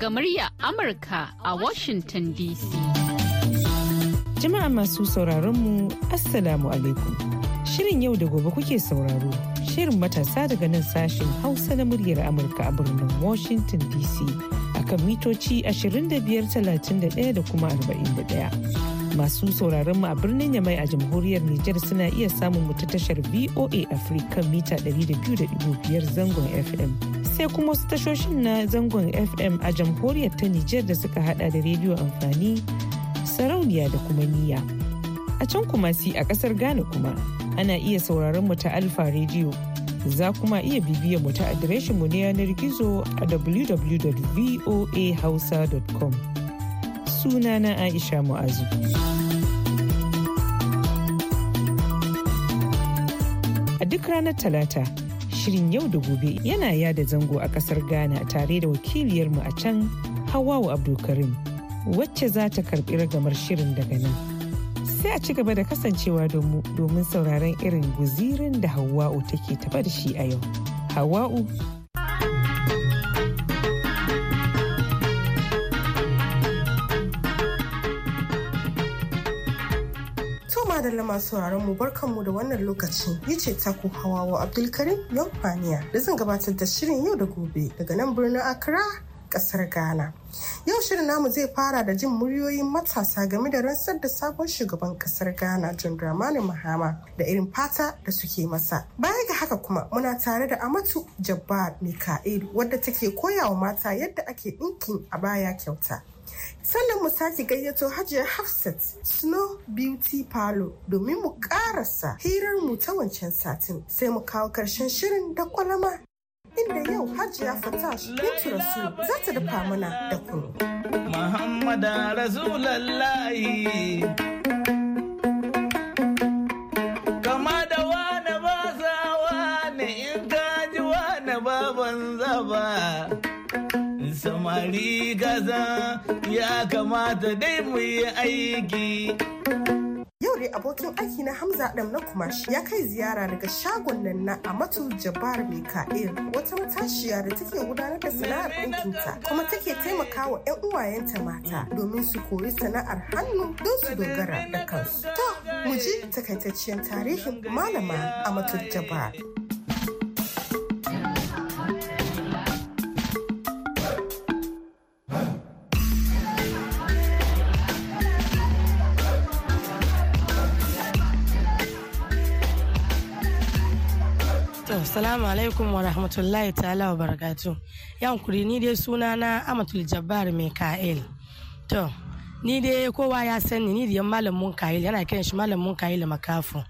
daga murya Amurka a Washington DC. Jama'a masu sauraron mu Assalamu alaikum. Shirin yau da gobe kuke sauraro. Shirin matasa daga nan sashen Hausa na muryar Amurka a birnin Washington DC akan mitoci 2531 da kuma 41. Masu sauraron mu a birnin Yamai a jamhuriyar Nijar suna iya samun mu ta tashar VOA Africa mita 200.5 zangon FM. sai kuma wasu tashoshin na zangon fm a jamhuriyar ta nijar da suka hada da rediyo amfani sarauniya da kuma niyya a can kuma si a kasar ghana kuma ana iya sauraron mu ta alfa rediyo za kuma iya bibiyar mu ta adireshin mu na yanar gizo a www.voahausa.com sunana aisha mu'azu. a duk ranar talata shirin yau da gobe yana yada zango a kasar Ghana tare da wakiliyarmu a can Hawawu Abdulkarim wacce za ta karbi ragamar shirin daga nan. Sai a ci gaba da kasancewa domin sauraron irin guzirin da Hawa'u take tafa da shi a yau. Hawa'u madalla masu sauraron mu barkanmu da wannan lokaci yi ce taku hawawa abdulkarim yankwaniya da zan gabatar da shirin yau da gobe daga nan birnin accra kasar ghana yau shirin namu zai fara da jin muryoyin matasa game da rantsar da sabon shugaban kasar ghana john dramani mahama da irin fata da suke masa baya ga haka kuma muna tare da amatu jabbar mika'il wadda take koya wa mata yadda ake ɗinkin a baya kyauta sannan mu sake gayyato hajiyar hafsat snow beauty palo domin mu karasa hirar mu ta wancan satin sai mu kawo karshen shirin da kwalama inda yau hajiya fatash bintu rasu za ta dafa mana da kunu muhammada rasulallahi kamari gaza ya kamata dai mu yi aiki Yau dai abokin aiki na Hamza Adam na Kumashi ya kai ziyara daga shagon nan na Amatu Jabbar Mika'il wata matashiya da take gudanar da sana'ar ɗinkinta kuma take taimakawa 'yan uwayenta mata domin su koyi sana'ar hannu don su dogara da kansu. To, mu ji takaitacciyar tarihin malama Amatu Jabbar. Assalamu alaikum wa rahmatullahi ta'ala wa barakatu. Yan kuri ni dai suna na Amatul Jabbar Mikael. To, ni dai kowa ya sani ni da malamin Kail yana kiran shi malamin Kail makafu.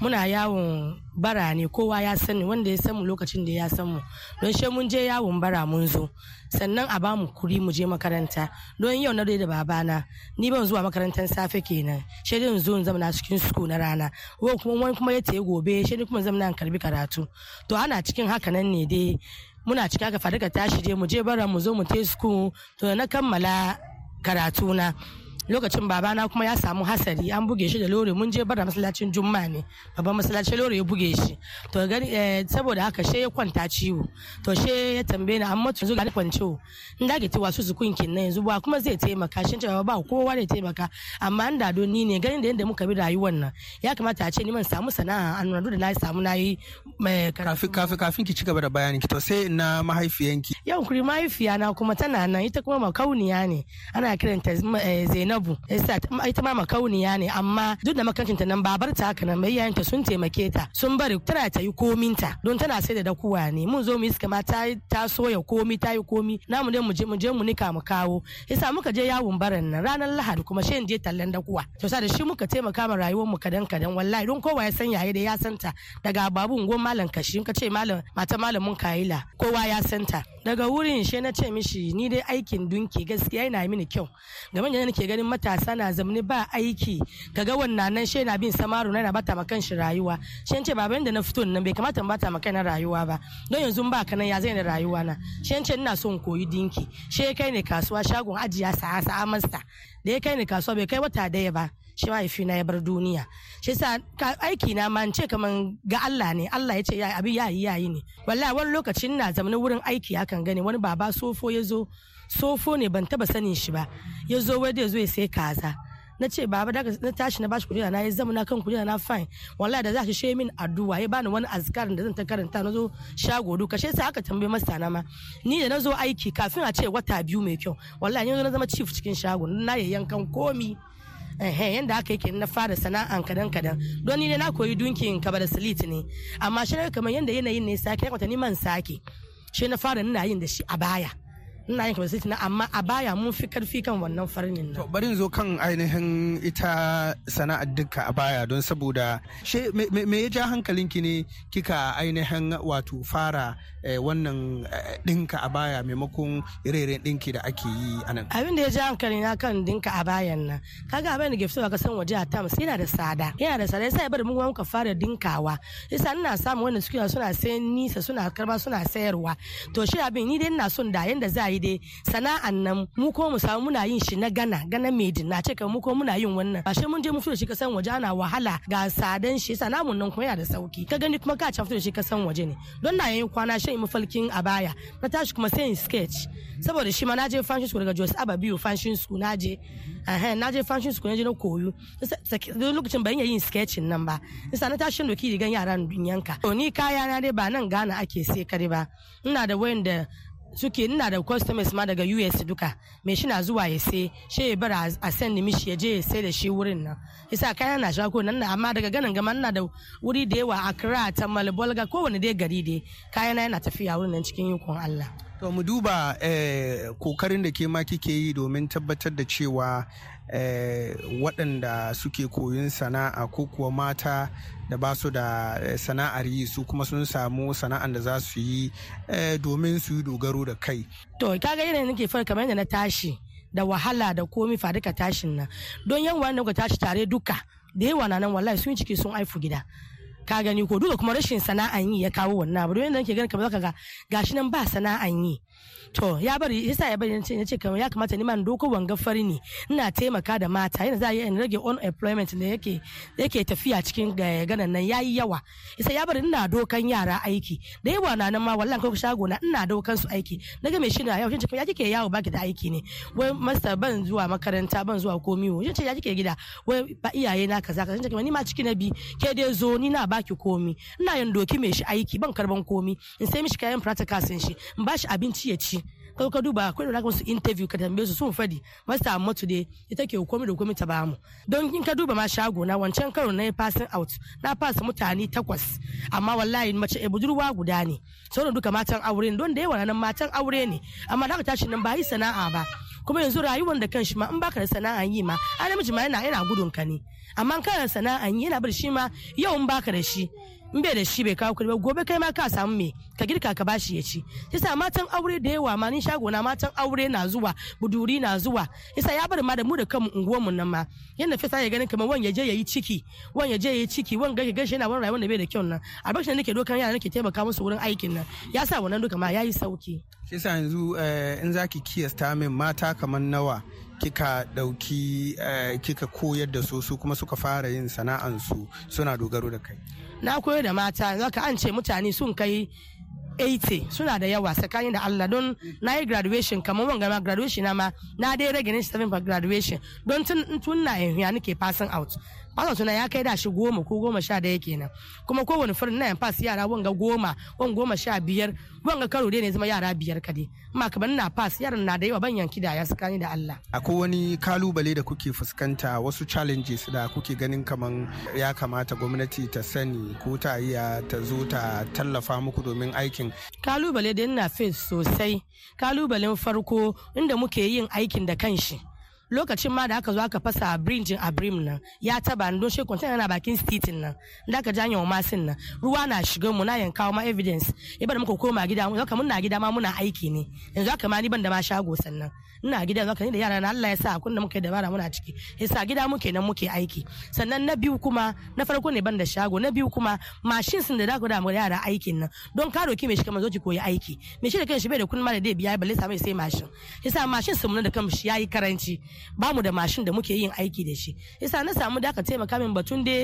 muna yawon bara ne kowa ya sani wanda ya samu lokacin da ya samu don she mun je yawon bara mun zo sannan a bamu kuri mu je makaranta don yau na da babana ni ban zuwa makarantar safe kenan she dai zo in zamana cikin suku na rana ko kuma wani kuma ya taya gobe she ni kuma zamana na karbi karatu to ana cikin haka nan ne dai muna cika haka fadaka tashi je mu je bara mu zo mu te suku to na kammala karatuna lokacin babana kuma ya samu hasari an buge shi da lori mun je bada masallacin jumma ne babban masallaci lori ya buge shi to gani eh, saboda haka she ya kwanta ciwo to she ya tambaye ni amma yanzu ga ni wo in da ke tiwa su su kunkin na yanzu ba kuma zai taimaka shin ce ba kowa ne taimaka amma an dado ni ne ganin da yadda muka bi rayuwar nan ya kamata a ce ni man samu sana'a an da na samu na yi eh, kafin kafin kafin ki cigaba da bayanin ki to sai na mahaifiyanki yau kuri mahaifiya na kuma tana nan ita kuma makauniya ne ana kiranta eh, zainab honorable yasa ita ma makauniya ne amma duk da makancinta nan babar ta haka nan mai sun taimake ta sun bari tana ta yi kominta don tana sai da dakuwa ne mun zo mu iska ma ta ta soya komi ta yi komi namu ne mu je mu je mu nika mu kawo yasa muka je yawon baran nan ranar lahadi kuma shin je tallan dakuwa to sa da shi muka taimaka ma rayuwar mu kadan kadan wallahi don kowa ya san yaye da ya santa daga babun gon malam kashi ka ce malam mata malamin kayila kowa ya santa daga wurin she na ce mishi ni dai aikin dunki gaskiya yana mini kyau gaban da nake ganin matasa na zamani ba aiki kaga wannan nan shi na bin samaru na bata makan shi rayuwa shi ce baban da na fito nan bai kamata in bata makan rayuwa ba don yanzu ba ka nan ya zai na rayuwa na shi ce ina son koyi dinki shi kai ne kasuwa shagon ajiya sa'a sa'a masa da ya kai ni kasuwa bai kai wata daya ba shi na ya bar duniya shi sa aiki na ma ce kaman ga Allah ne Allah ya ce abin yayi yayi ne wallahi wani lokacin na zamanin wurin aiki hakan gani wani baba sofo ya zo sofo ne ban taba sanin shi ba ya zo wai zo ya sai kaza na ce baba da na tashi na bashi kujera na ya zama na kan kujera na fine wallahi da za shi she min addu'a ya bani wani azkarin da zan ta karanta na zo shago duka shi sai aka tambaye masa na ma ni da na zo aiki kafin a ce wata biyu mai kyau wallahi yanzu na zama chief cikin shago na yankan komi yanda aka yake na fara sana'an kadan kadan don ni ne na koyi dunkin kaba da silit ne amma shi kamar yanda yanayin ne sake ya kwata ni man sake shi na fara nuna yin da shi a baya ina yin capacity na amma a baya mun fi karfi kan wannan farnin na. bari zo kan ainihin ita sana'ar dukka a baya don saboda she me ya ja hankalinki ne kika ainihin wato fara eh, wannan eh, dinka a baya maimakon ire-iren dinki da ake yi a nan. abin da ya ja hankali na kan dinka a bayan nan kaga abin da ke ka san waje a tamus yana da tsada yana da tsada yasa ya bari mun muka fara dinkawa yasa ina samun wani suke suna sayan nisa suna karba suna sayarwa to shi abin ni dai ina son da yanda za a yi yi dai sana'an nan mu ko mu samu muna yin shi na gana gana made na ce mu ko muna yin wannan ba shi mun je mu fito shi ka san waje ana wahala ga sadan shi sanamun nan kuma yana da sauki ka gani kuma ka ci fito da shi san waje ne don na yin kwana shan mafalkin a baya na tashi kuma sai in sketch saboda shi ma na je fashion school daga Jos Ababiyo fashion school na je na je fashion school na je na koyo lokacin ban yin sketchin nan ba nisa na tashi doki rigan yaran dunyanka to ni kaya na dai ba nan gana ake sai kare ba ina da wayan da suke ina da customers ma daga US duka me shi na zuwa ya sai she ya bar a san ni mishi ya je ya sai da shi wurin nan yasa kaya na shago nan na amma daga ganin gama ina da wuri da yawa Accra ta Malbolga ko wani dai gari dai kayana na yana tafiya wurin nan cikin yukun Allah to mu duba eh, kokarin da ke ma kike yi domin tabbatar da cewa eh, waɗanda suke koyon sana'a ko kuwa mata da ba su da eh, sana'ar yi su kuma sun samu sana'ar da za su yi eh, domin su yi dogaro da kai. To kaga irin nake fara kamar yadda na tashi da wahala da komi fa ka tashin nan don yan wani ga tashi tare duka da yawa na nan wallahi sun ciki sun aifu gida. ka gani ko duka kuma rashin sana'an yi ya kawo wannan abu don yadda nake gani kamar zaka ga gashi nan ba sana'an yi to ya bari yasa ya bari ya ce kamar ya kamata neman doko wanga fari ne ina taimaka da mata yana za a yi rage on employment da yake yake tafiya cikin eh, ganan nan yayi yawa yasa ya bari ina dokan yara aiki da yawa na nan ma wallahi kai shago na ina dokan su aiki daga shi na yau ya kike yawo baki da aiki ne wai masa ban zuwa makaranta ban zuwa komi shin ce ya kike gida wai ba iyaye na kaza kaza shin ni ma ciki na bi ke dai zo ni na baki komi ina yin doki me shi aiki ban karban komi in sai mishi kayan practical sun shi in ba shi abinci ya ci kau ka duba akwai da su interview ka tambaye su sun fadi masta amma today ita ke hukumi da hukumi ta ba mu don in ka duba ma shago na wancan karo na passing out na pass mutane takwas amma wallahi mace e budurwa guda ne sauran duka matan aure ne don da yawa nan matan aure ne amma da ka tashi nan ba yi sana'a ba kuma yanzu rayuwar da kanshi ma in baka da sana'a yi ma a namiji ma yana yana gudun ka ne amma kana sana'a yi yana bar shi ma yau in baka da shi in bai da shi bai kawo kuɗi ba gobe kai ma ka samu me ka girka ka bashi ya ci yasa matan aure da yawa ma ni shago na matan aure na zuwa buduri na zuwa yasa ya bar ma da mu da kanmu unguwar mu nan ma yanda fesa ya ganin kamar wan ya je yayi ciki wan ya je yayi ciki wan ga shi yana wani rayuwar da bai da kyau nan albashin nake dokan yara nake taimaka musu wurin aikin nan yasa wannan duka ma yayi sauki shi sa yanzu eh, in zaki kiyasta min mata kamar nawa kika dauki eh, kika koyar da su su kuma suka fara yin su suna dogaro da kai na koyo da mata zaka an ce mutane sun kai 80 suna da yawa tsakanin da Allah don na yi graduation kamar wanga ma graduation na ma na dai rage ne 7 graduation don tun na yin nake passing out ba suna ya kai da shi goma ko goma sha daya kenan kuma kowane farin na fas yara wanga goma wanga goma sha biyar wanga karo dai ne zama yara biyar kadai amma kamar na pass yaran na da yawa ban yanki da ya sakani da Allah akwai wani kalubale da kuke fuskanta wasu challenges da kuke ganin kaman ya kamata gwamnati ta sani ko ta iya ta zo ta tallafa muku domin aikin kalubale da ina face sosai kalubalen farko inda muke yin aikin da kanshi lokacin ma da aka zo aka fasa brinjin a nan ya taba don shi kwantar yana bakin stitin nan da aka janya wa masin nan ruwa na shiga mu na kawo ma evidence ya bada muka koma gida mu zaka muna gida ma muna aiki ne yanzu haka ma ni ban da ma shago sannan ina gida zaka ni da yara na Allah ya sa akun da muke dabara muna ciki yasa gida muke nan muke aiki sannan na biyu kuma na farko ne ban da shago na biyu kuma mashin sun da da ku da mu yara aikin nan don ka doki mai shi kamar zo ki koyi aiki mai shi da kanshi bai da kun ma da dai biya balle sai mai sai mashin yasa mashin sun mun da kanshi yayi karanci ba mu da mashin da muke yin aiki da shi yasa na samu da aka taimaka min batun da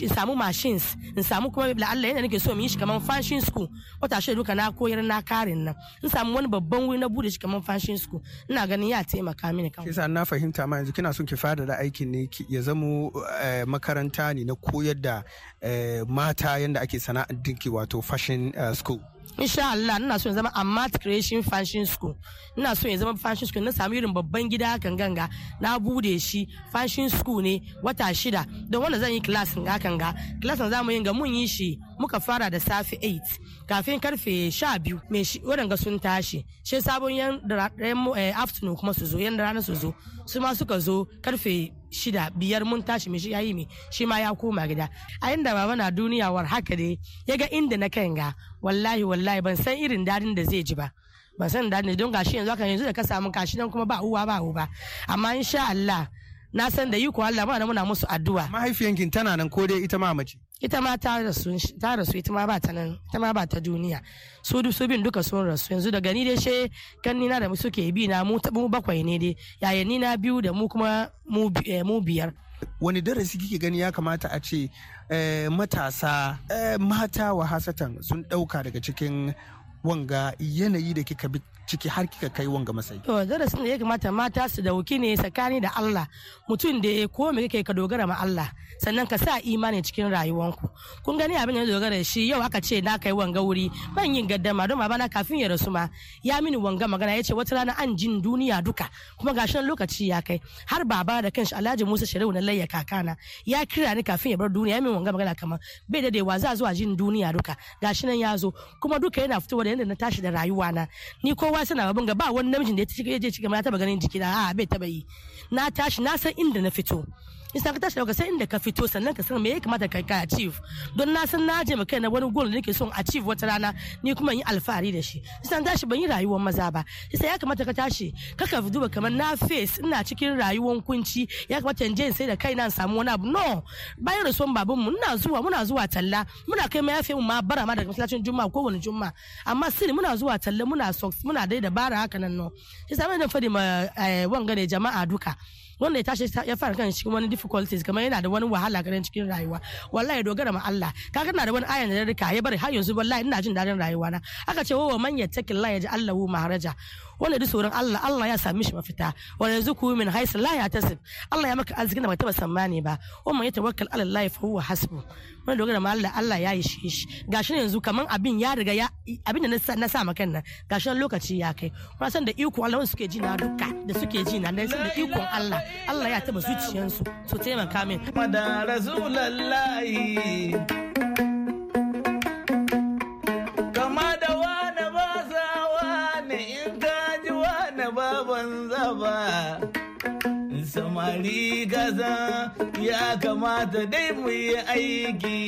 in samu machines in samu kuma la Allah yana nake so mu yi shi kamar fashion school wata shi duka na koyar na karin nan in samu wani babban wuri na bude shi kamar fashion school ina ganin ya taimaka mini kawai yasa na fahimta ma yanzu kina son ki fada da aikin ne ya zamo eh, makaranta ne na koyar da eh, mata yadda ake sana'ar dinki wato fashion eh, school insha Allah ina so in zama amma creation fashion school ina so in zama fashion school na samu irin babban gida hakan ganga na bude shi fashion school ne wata shida don wanda zan yi class ga hakan ga class za mu yin ga mun yi shi muka fara da safi 8 kafin karfe 12 me shi wadanga sun tashi shi sabon yan eh, afternoon kuma su zo yan rana su zo su ma suka zo karfe shida biyar mun tashi mai shi yi shi ma ya koma gida a inda baba na duniya war haka dai ya ga inda na kan ga wallahi wallahi ban san irin dadin da zai ji ba ban san dadin don gashi yanzu haka yanzu da ka samu kashi nan kuma ba uwa ba uba amma insha Allah na san da yi ko Allah ba na muna musu addu'a mahaifiyankin tana nan ko dai ita ma mace ita ma ta rasu ta rasu ita ma ba ta nan ita ma ba ta duniya su du su bin duka sun rasu yanzu daga ni dai she kan ni na da suke bi na mu mu bakwai ne dai yayin ni na biyu da mu kuma eh, mu biyar wani darasi kike gani ya kamata a ce eh, matasa eh, mata wa hasatan sun dauka daga cikin wanga yanayi da kika bi ciki har kika kai wanga masai to darasin da ya kamata mata su dauki ne tsakani da Allah mutum da ko me kake ka dogara ma Allah sannan ka sa imani cikin rayuwanku kun gani abin da dogara shi yau aka ce na kai wanga wuri ban yin gaddama don na kafin ya rasu ma ya mini wanga magana ya ce wata rana an jin duniya duka kuma gashin lokaci ya kai har baba da kanshi Alhaji Musa Shehu na layya kakana ya kira ni kafin ya bar duniya ya min wanga magana kamar bai da dewa za zuwa jin duniya duka gashi nan ya zo kuma duka yana fitowa da yanda na tashi da rayuwa na ni kowa kowa suna babban ga ba wani namijin da ya ce cikin ya taba ganin jikina a bai taba yi na tashi na san inda na fito isa ka tashi daga sai inda ka fito sannan ka san me ya kamata ka ka achieve don na san na je ma kai na wani goal nake son achieve wata rana ni kuma yi alfahari da shi isa tashi ban yi rayuwar maza ba isa ya kamata ka tashi ka ka duba kamar na face ina cikin rayuwar kunci ya kamata in je sai da kai in samu wani abu no bayan rasuwan baban mu ina zuwa muna zuwa talla muna kai ma yafe mu ma bara ma daga masallacin juma'a ko wani juma'a amma sirri muna zuwa talla muna socks muna dai da bara haka nan no isa mai da fadi ma eh, wanga ne jama'a duka wanda ya tashi ya fara kan cikin wani difficulties kamar yana da wani wahala garin cikin rayuwa wallahi dogara ma Allah kaka kana da wani ayan da rika ya bari har yanzu wallahi ina jin dadin rayuwa na aka ce wa man yattaqi Allah ya ji Allahu maharaja wanda duk tsoron Allah Allah ya sami shi mafita yanzu yarzuku min haisu la yahtasib Allah ya maka arzikin da bai taba sammani ba wa ya yatawakkal ala Allah fa huwa hasbu wanda dogara ma Allah Allah ya yi shi gashi yanzu kaman abin ya riga ya abin da na sa maka nan gashi lokaci ya kai kuma san da iko Allah wanda suke ji na duka da suke ji na san da ikon Allah Allah ya taba zuciyansu su taimaka min samari gaza ya kamata dai mu yi aiki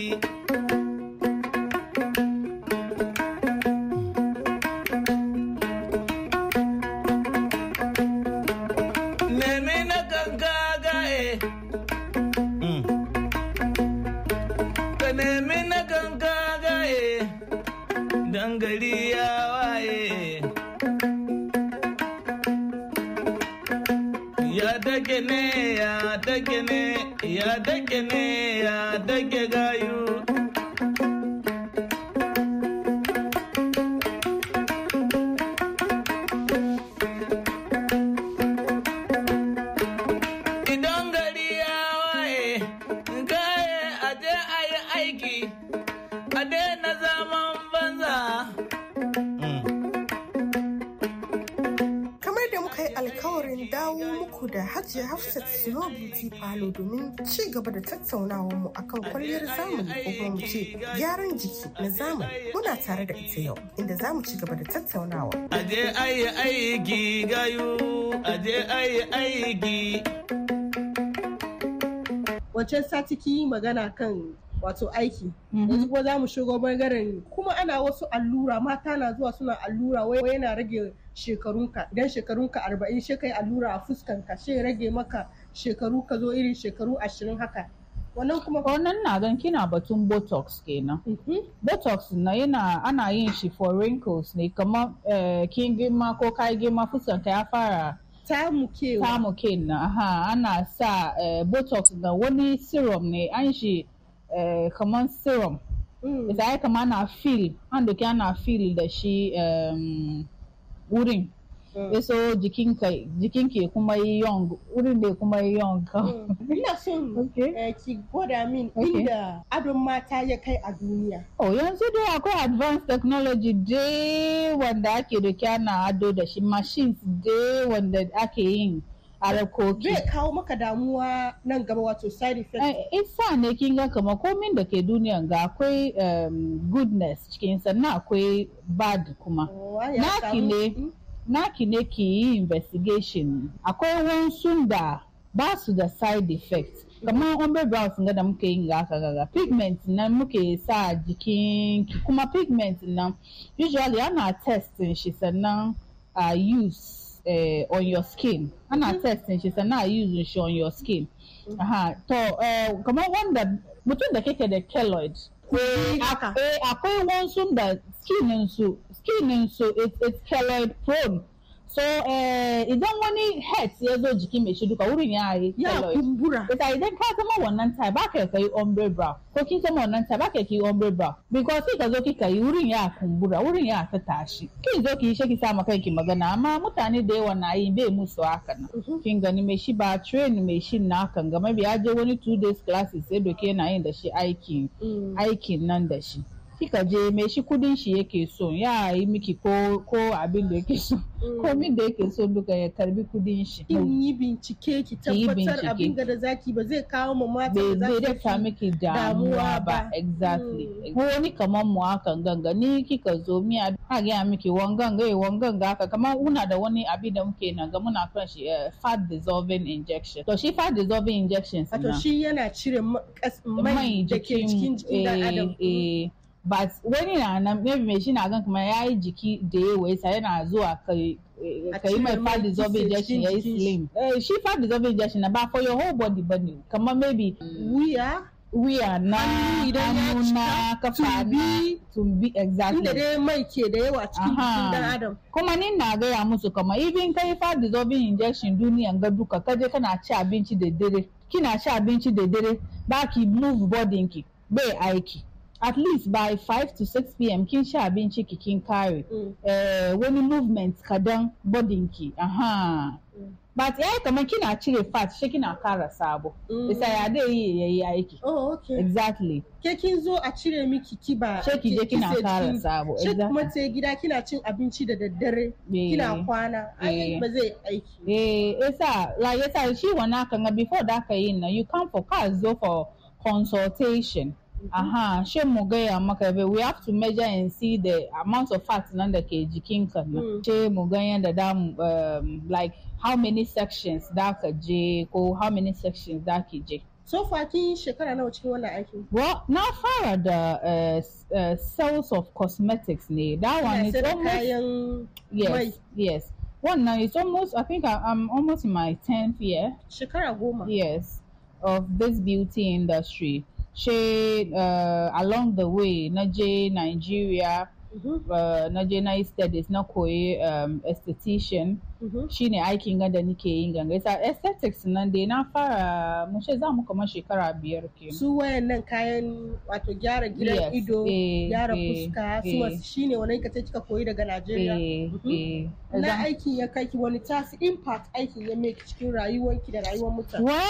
da Hajiya Hafsat suno Beauty Palo domin ci gaba da tattaunawar mu akan kwalliyar zamani ko kuma mu ce gyaran jiki na zamani. Muna tare da ita yau inda za mu ci gaba da tattaunawa. Aje ayi aiki gayu, aje ayi aiki. Wace sati ki magana kan wato aiki mhm. yanzu kuma za mu shigo bangaren kuma ana wasu allura mata na zuwa suna allura wai yana rage shekarunka idan shekarunka arba'in shi kai allura a fuskanka shi rage maka shekaru ka zo irin shekaru ashirin haka wannan kuma wannan na gan kina batun botox kenan mhm. botox na yana ana yin shi for wrinkles ne kamar eh, kin girma ko kai girma fuskanka ya fara ke na ana sa eh, botox na wani serum ne an shi kamar eh, serum mm. isa yi kama na fil an doki ana fil da shi wurin um, mm. so jikin ke kuma yi yong wurin da kuma yi yong mm. ina son eh, ki gwada min inda adon mata ya kai a duniya oh yanzu dai akwai advanced technology dai wanda ake doki ana ado da shi machines dai wanda ake yin a rakoki. Zai kawo maka damuwa nan gaba wato side effect. Eh, In ne kin ga kamar komin da ke duniyan ga akwai um, goodness cikin sannan akwai bad kuma. Oh, naki ne hmm? naki ne ki investigation akwai wasu da ba su da side effect kamar ombre hmm. brows ga da muke yin gaka gaga pigment na muke sa jikin kuma pigment na usually ana testin shi sannan a uh, use uh, on your skin ana mm-hmm. testin shi sannan a using shi on your skin mm-hmm. aha to eh, kamar wanda mutum da kake da keloid eh, akwai wasu da skinin su skinin su it's keloid prone so eh, idan wani het ya zo jikin mai shi wurin ya yi ya kumbura ita idan ka zama wannan tai ba ka yi ombre brow ko kin zama wannan tai ba ka yi ombre brow because kika zo kika yi wurin ya kumbura wurin ya ta tashi kin zo ki yi shi sa ma magana amma mutane da yawa na yi bai musu haka nan mhm. kin gani mai shi ba train mai shi na kan game ya je wani two days classes sai doke yana yin da shi aikin mm. aikin nan da shi kika je me shi kudin shi yake so ya yi miki ko abin da yake so mm. ko min da yake so duka ya karbi kudin shi kin yi bincike ki tabbatar abin da zaki ba zai kawo mu mata da zai dafa miki damuwa ba exactly mm. ko ni kaman mu aka ganga ni kika zo mi a eh, ga miki ganga eh wan ganga aka kamar una da wani abin da muke nan ga muna kan shi eh, fat dissolving injection to shi fat dissolving injection to shi yana cire mai da ke cikin jikin dan eh, adam mm. but wani na maybe mai shi na gan ya yi jiki da ya waisa yana zuwa ka yi mai fat dissolving injection ya yi slim shi fat dissolving injection na ba for your whole body ba ne kamar maybe wuya wuya na hannu na kafa na tumbi exactly inda dai mai ke da yawa cikin jikin dan adam kuma ni na gaya musu kama even kai fat dissolving injection duniyan ga duka kaje kana ci abinci da dare kina ci abinci da dare ba ki move bodin ki bai aiki at least by 5 to 6 pm kin sha abinci ki kin kare mm. eh, wani movement kadan bodin ki aha mm. but yaya kama kamar kina cire fat shi kina kara sabo mm. isa ya dai yi yi aiki oh okay exactly ke kin zo a cire miki kiba shi ki je kina kara sabo shi kuma exactly. te gida kina cin abinci da daddare eh. kina kwana ai eh. ba zai aiki eh isa like yasa shi wannan kan before da ka yin na you come for cars zo for consultation Mm-hmm. aha she mu gaya maka we have to measure and see the amount of fat nan da ke jikin ka na she dam like how many sections that ka Or how many sections that ke so far kin shekara nawa cikin wannan aikin well now far the uh, uh, sales of cosmetics ne that one is almost yes yes One now is almost i think I, uh, i'm almost in my 10th year shekara goma yes of this beauty industry ṣe uh, along the way na je Nigeria Mm-hmm. Uh, na je na yi studies na koyi um, esthetician mm-hmm. shine aikin ga da nike yin ganga isa aesthetics nan dai na fara mu ce za mu kamar shekara biyar ke su wayannan kayan wato gyara gidan ido eh, gyara eh, fuska eh. su wasu shine wani ka ce kika koyi daga Najeriya mm-hmm. na aikin ya kai ki wani tasi impact aikin ya make cikin rayuwarki da rayuwar mutane wa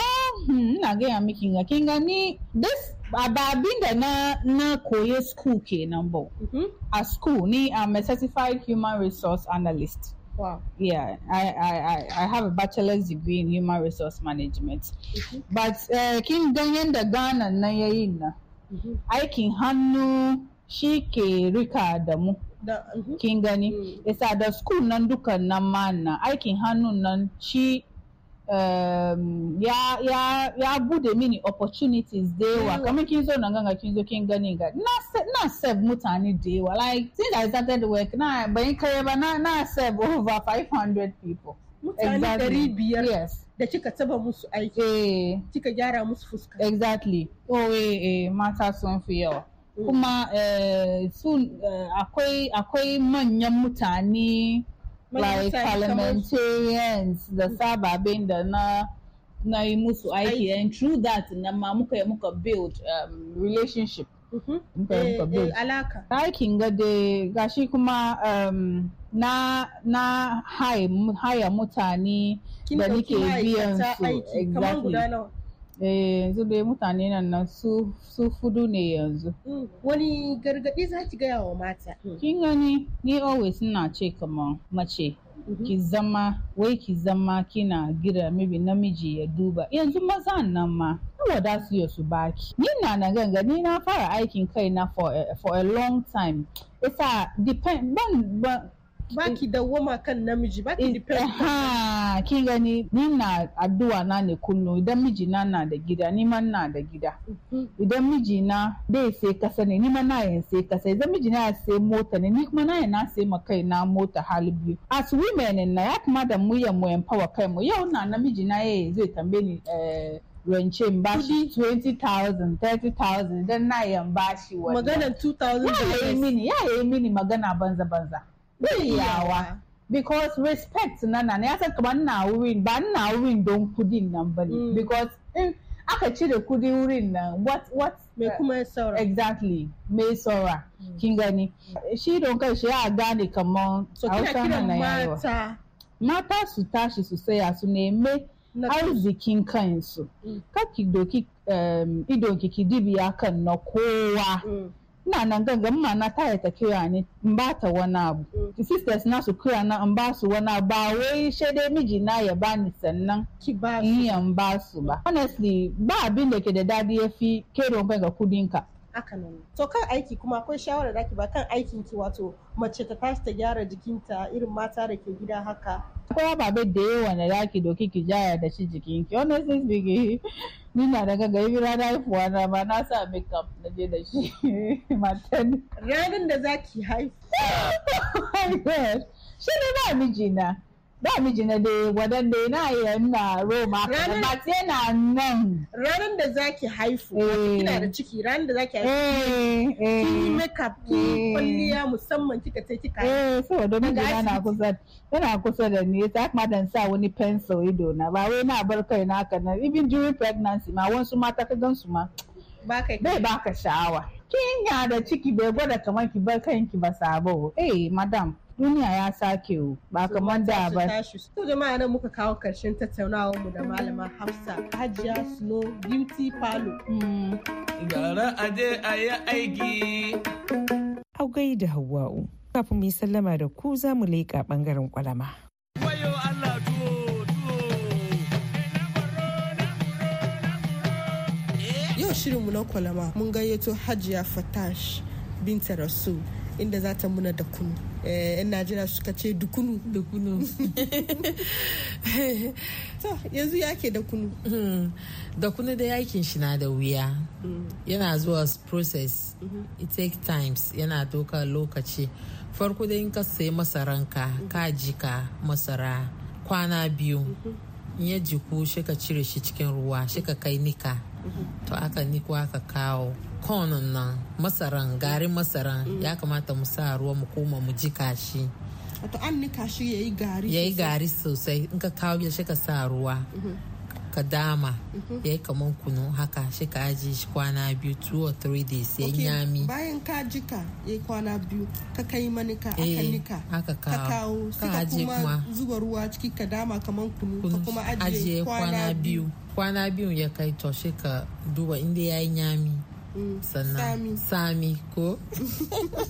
hmm, ina ga ya miki ga kin gani this ba abin da na na koye school kenan ba mm-hmm. a school ni i'm a certified human resource analyst Wow. Yeah, I, I, I, I have a bachelor's degree in human resource management. Mm-hmm. But uh, kin ganyen da Ghana na yayi na, mm-hmm. aikin hannu shi ke rika da mu. Mm-hmm. Kin gani? Isa mm. da school nan dukan nan ma na aikin hannun nan shi um, ya ya ya bude mini opportunities dey wa mm. kamar kin na nan ganga kin zo kin gani ga na na save mutane dey wa like since I started work na bayan kare ba na na save over 500 people mutane ɗari Yes. da kika taba musu aiki eh. kika gyara musu fuska exactly oh eh, eh, mata sun fi yawa mm. kuma eh, sun eh, akwai akwai manyan mutane like parliamentarians da saba mm. sababin da na na yi musu aiki and through that na ma muka yi muka build um, relationship mm-hmm. eh, eh, alaka aikin ga da gashi kuma um, na na haya mutane da nike biyan su exactly eh yanzu dai mutane nan nan su su fudu ne yanzu mm, wani gargaɗi za ki gaya wa mata mm. kin gani ni always ina ce kamar mace mm-hmm. ki zama wai ki zama kina gira mibi namiji ya duba yanzu maza nan ma da su ya su baki ni na na ganga ni na fara aikin kai na for a, long time isa depend ban baki dawwama kan namiji baki depend eh, ha kin gani ni na addu'a na ne kullum idan miji na na da gida ni ma na da gida mhm. idan miji na dai sai kasa ne ni ma na yin sai kasa idan miji na sai mota ne ni kuma na yin na sai ma kai na mota hali biyu as women na ya kuma da mu ya mu empower kai mu yau na namiji na yayi eh, zai tambaye ni eh, in ba shi 20,000 30,000 don na yan shi wani maganar 2,000 ya yi mini ya yi mini magana banza banza biyawa because respect na na ya san kamar nna wurin ba nna wurin don kudi nan ba mm. because eh, akachi aka cire kudi wurin na what what me kuma saura exactly me saura mm. kin mm. gani shi don kai shi ya gane kamar so kina kiran mata mata su tashi su saya su neme arzikin kansu kaki doki um, idon kiki dibiya kan na kowa ina nan gangan na ta ta kira ni in ba ta wani abu ki sisters na su kira na in ba su wani ba wai shaidai miji na ya bani sannan ki ba ba su ba honestly ba abin da ke da dadi ya fi kai ga kudinka haka nan to kan aiki kuma akwai shawarar da ba kan aikin ki wato mace ta tashi ta gyara jikinta irin mata da ke gida haka kowa ba bai da yawa na daki doki ki jaya da shi jikin ki sun speaking ni na daga gari na haifuwa na ba na sa makeup na je da shi matan ranar da zaki haifu shi ne ba mijina da miji na dai gwadon dai na iya na roma ba sai na nan ranar da zaki haifu eh. kina da ciki ranar da zaki haifu eh, eh. kin makeup ki kwalliya musamman kika sai kika eh saboda miji na kusa yana kusa da ni ta kuma dan sa wani pencil ido na ba wai na bar kai na ka na even during pregnancy ma wasu mata ka gan su ma ba kai bai baka sha'awa kin ya da ciki bai gwada kamar ki bar kanki ba sabo eh madam duniya ya sake ba kamar da ba. To jama'a nan muka kawo karshen tattaunawar mu da malama Hafsa Hajiya Snow Beauty Palo. Mm. Gara a je a yi aiki. da Hawwa'u. Kafin mu yi sallama da ku za mu leƙa ɓangaren kwalama. Wayo Allah Yau shirinmu na kwalama mun gayyato Hajiya Fatash Binta Rasul inda za ta muna da kunu eh, yan najeriya suka ce dukunu dukunu to yanzu ya ke da kunu hmm. da kunu da yakin shi na da wuya hmm. yana zuwa process mhm. it take times yana doka lokaci farko da in ka sayi masaranka mhm. ka jika masara kwana biyu mhm. in ya jiku shi ka cire shi cikin ruwa shi ka kai nika to aka niko aka kawo corn nan masaran garin masaran mm. ya kamata mu sa ruwa mu koma mu jika shi wato an nika shi yi gari Ya yi gari sosai in ka kawo ya shi ka sa ruwa mm-hmm. ka dama mm-hmm. ya yi kamar kunu haka shi ka aji shi kwana biyu two or three days ya yi yami bayan ka jika ya yi kwana biyu ka kai manika aka eh, nika ka kawo ka kuma zuba ruwa ciki ka dama kamar kunu ka kuma ajiye kwana biyu kwana biyu ya kai to shi ka duba inda ya yi nyami sannan sami ko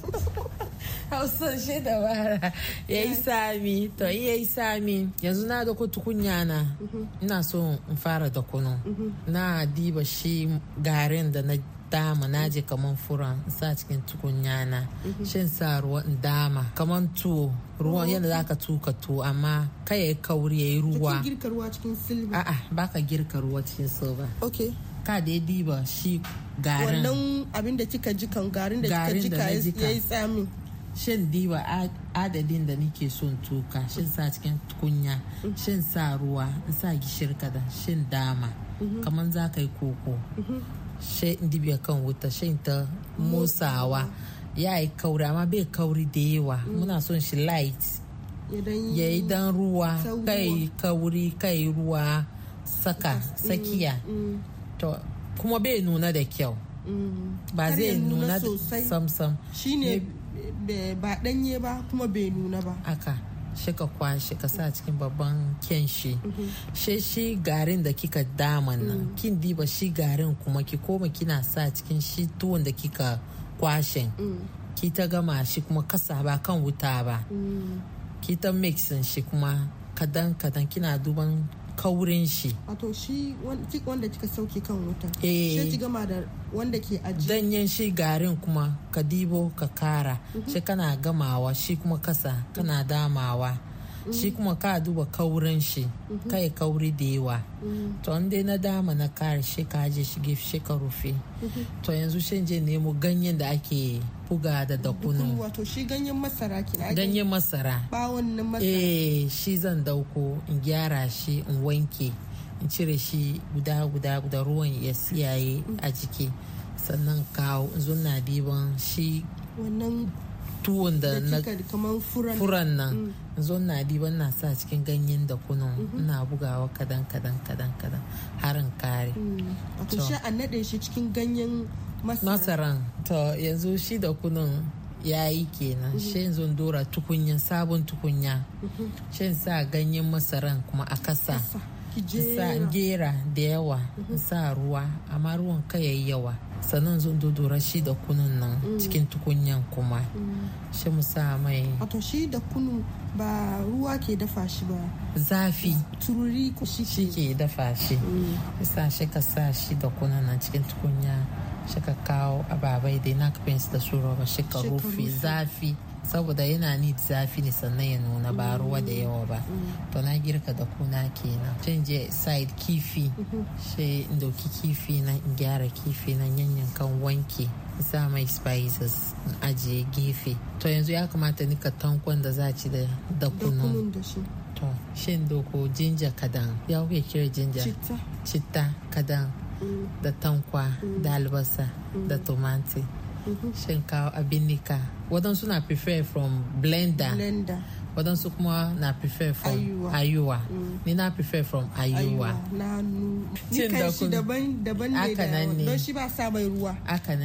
hausa shi da bara ya yi sami to in ya yi sami yanzu na da tukunya na mm-hmm. ina so in fara da kunu mm-hmm. na diba shi garin da na dama na je kaman fura sa cikin tukunya na mm-hmm. shin sa ruwa in dama kaman tuwo ruwan oh, yadda za ka tuka tuwo amma kai ya yi kauri ya yi ruwa girka ruwa cikin silba a'a baka girka ruwa cikin silba okay ka da ya diba shi garin wannan abin da kika jikan garin da kika jika ya yi tsami shin diba adadin da nike son toka shin sa cikin kunya mm-hmm. shin sa ruwa in sa gishir kada shin dama mm-hmm. kamar za ka yi koko mm-hmm. shin dibiya kan wuta shin ta musawa ya yi kauri amma bai kauri da yawa muna son shi light ya yi dan ruwa kai kauri kai ruwa saka sakiya to kuma bai nuna da kyau mm. ba zai nuna samsam shine ba danye ba kuma bai nuna ba aka shi ka kwashe ka sa cikin babban ken shi mm-hmm. shi shi garin da kika daman nan mm. kin diba shi garin kuma ki koma kina sa cikin shi tuwon da kika kwashen mm. ki ta gama shi kuma kasa ba kan wuta ba ki ta mixin shi kuma kadan kadan kina duban kaurin shi wato shi wanda kika sauke kan wuta eh shi gama da wanda ke aji danyen shi garin kuma ka dibo ka kara mhm. shi kana gamawa shi kuma kasa kana mhm. damawa mhm. shi kuma ka duba kaurin shi kai kauri da yawa to inda na dama na kare shi ka je shi gif shi ka rufe to yanzu shi je nemo ganyen da ake buga da da kunu wato shi ganyen masara kina ganyen masara bawon nan masara eh shi zan dauko in gyara shi in wanke in cire shi guda guda guda ruwan ya siyaye a jiki sannan kawo in zo na biban shi wannan tuwon da na furan nan mm. zo na diban na sa cikin ganyen da kunun mm-hmm. ina bugawa kadan kadan kadan kadan harin kare. Mm. Wato shi a nade shi cikin ganyen masaran to yanzu shi da kunun ya yi kenan mhm. shi yanzu dora tukunya sabon tukunya mhm. shi sa ganyen masaran kuma a kasa sa gera da yawa mhm. sa ruwa amma ruwan kai yayi yawa sannan zan dodora shi da kunun nan mm. cikin tukunyan kuma mm. shi mu sa mai wato shi da kunu ba ruwa ke dafa shi ba zafi tururi ko shi ke dafa shi mm. sa shi ka sa shi da kunun nan cikin tukunya shika kawo ababai da na kafin da su roba shika rufe zafi saboda yana ni zafi ne sannan ya nuna ba mm. ruwa da yawa ba mm. to na girka da kuna kenan can je side kifi mm-hmm. she in dauki kifi na in gyara kifi na yanyan kan wanke sa mai spices in ajiye gefe to yanzu ya kamata ni ka tankon da za ci da kunu to shin doko jinja kadan ya kuke kira jinja citta kadan da tankwa da albasa da tomati shinkawa abin nika waɗansu na prefer from blender, Wadansu waɗansu kuma na prefer from ayuwa mm. ni na prefer from ayuwa ni kan shi daban-daban ne da don shi ba sa mai ruwa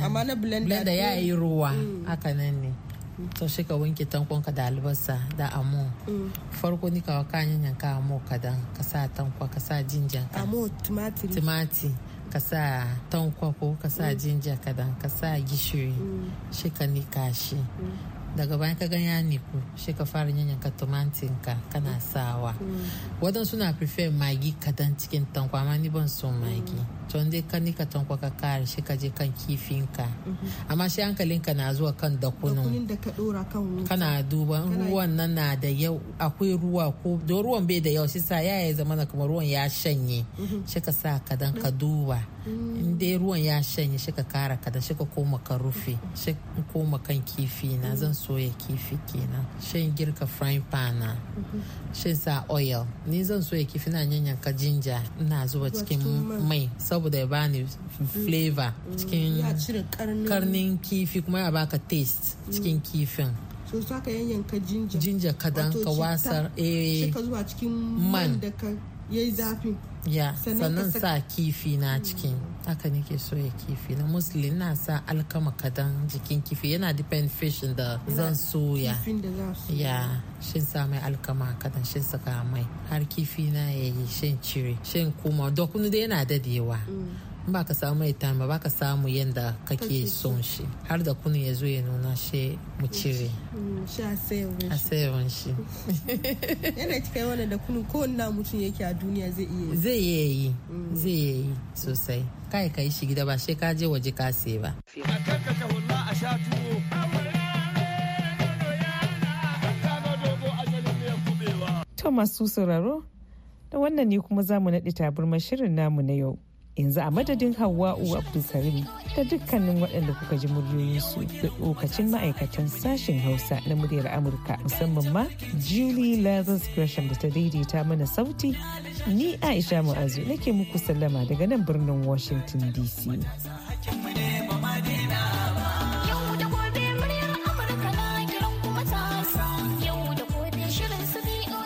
amma na blender ya yi ruwa mm. haka nan ne to shi ka wanke tankonka da albasa da amo mm. farko ni ka kanyan yanka amo kadan ka sa tankwa ka sa jinjan ka amo tumatiri ka sa tankwa ko ka sa jinja mm. kadan ka sa gishiri mm. shi ka nika shi mm. daga bayan ka ganya niku shi ka fara ka tumatin ka kana sawa wadansu na prefer magi kadan cikin tankwa amma ni ban son magi to dai ka nika tankwa ka kare shi ka je kan kifinka mhm. amma shi hankalinka na zuwa kan da kana duba ruwan nan na da yau akwai ruwa ko don ruwan bai da yau shi sa ya zama na kuma ruwan ya shanye mhm. shi ka sa ka dan mm. ka duba mm. in dai ruwan ya shanye shi ka kara ka da shi ka koma ka rufe shi koma kan kifi na mm. zan soya kifi kenan shan girka frying pan na mhm. sa oil ni zan soya kifi na yanyanka jinja ina zuba cikin mai saboda ya bani flavor mm. cikin karnin kifi kuma ya baka taste mm. cikin kifin so za ka yanyanka jinja jinja kadan ka wasar eh shi ka zuwa cikin man da ka yayi zafin ya sannan sa kifi na cikin haka nake soya kifi na musli na sa alkama kadan jikin kifi yana depend fish da zan soya ya shin sa mai alkama kadan shin saka mai har kifi na yi shin cire shin kuma dokunu da yana dadewa mm. ba ka samu mai time ba ka samu yadda kake son shi har da kunu ya zo ya nuna shi mu cire mm, a sayarwan shi yana cika wani da kunu na mutum yake a duniya zai iya yi zai iya yi mm. sosai kai ka yi shi gida ba shi ka je waje ka sai ba a Susuraro, a sha tuwo da wannan ne kuma za mu naɗi tabar shirin namu na yau. yanzu a madadin hawa'u abdulkarim da dukkanin waɗanda kuka ji muryoyinsu da lokacin ma'aikatan sashen hausa na muryar amurka musamman ma julie lazarus gresham da ta daidaita mana sauti ni aisha mu'azu nake muku sallama daga nan birnin washington dc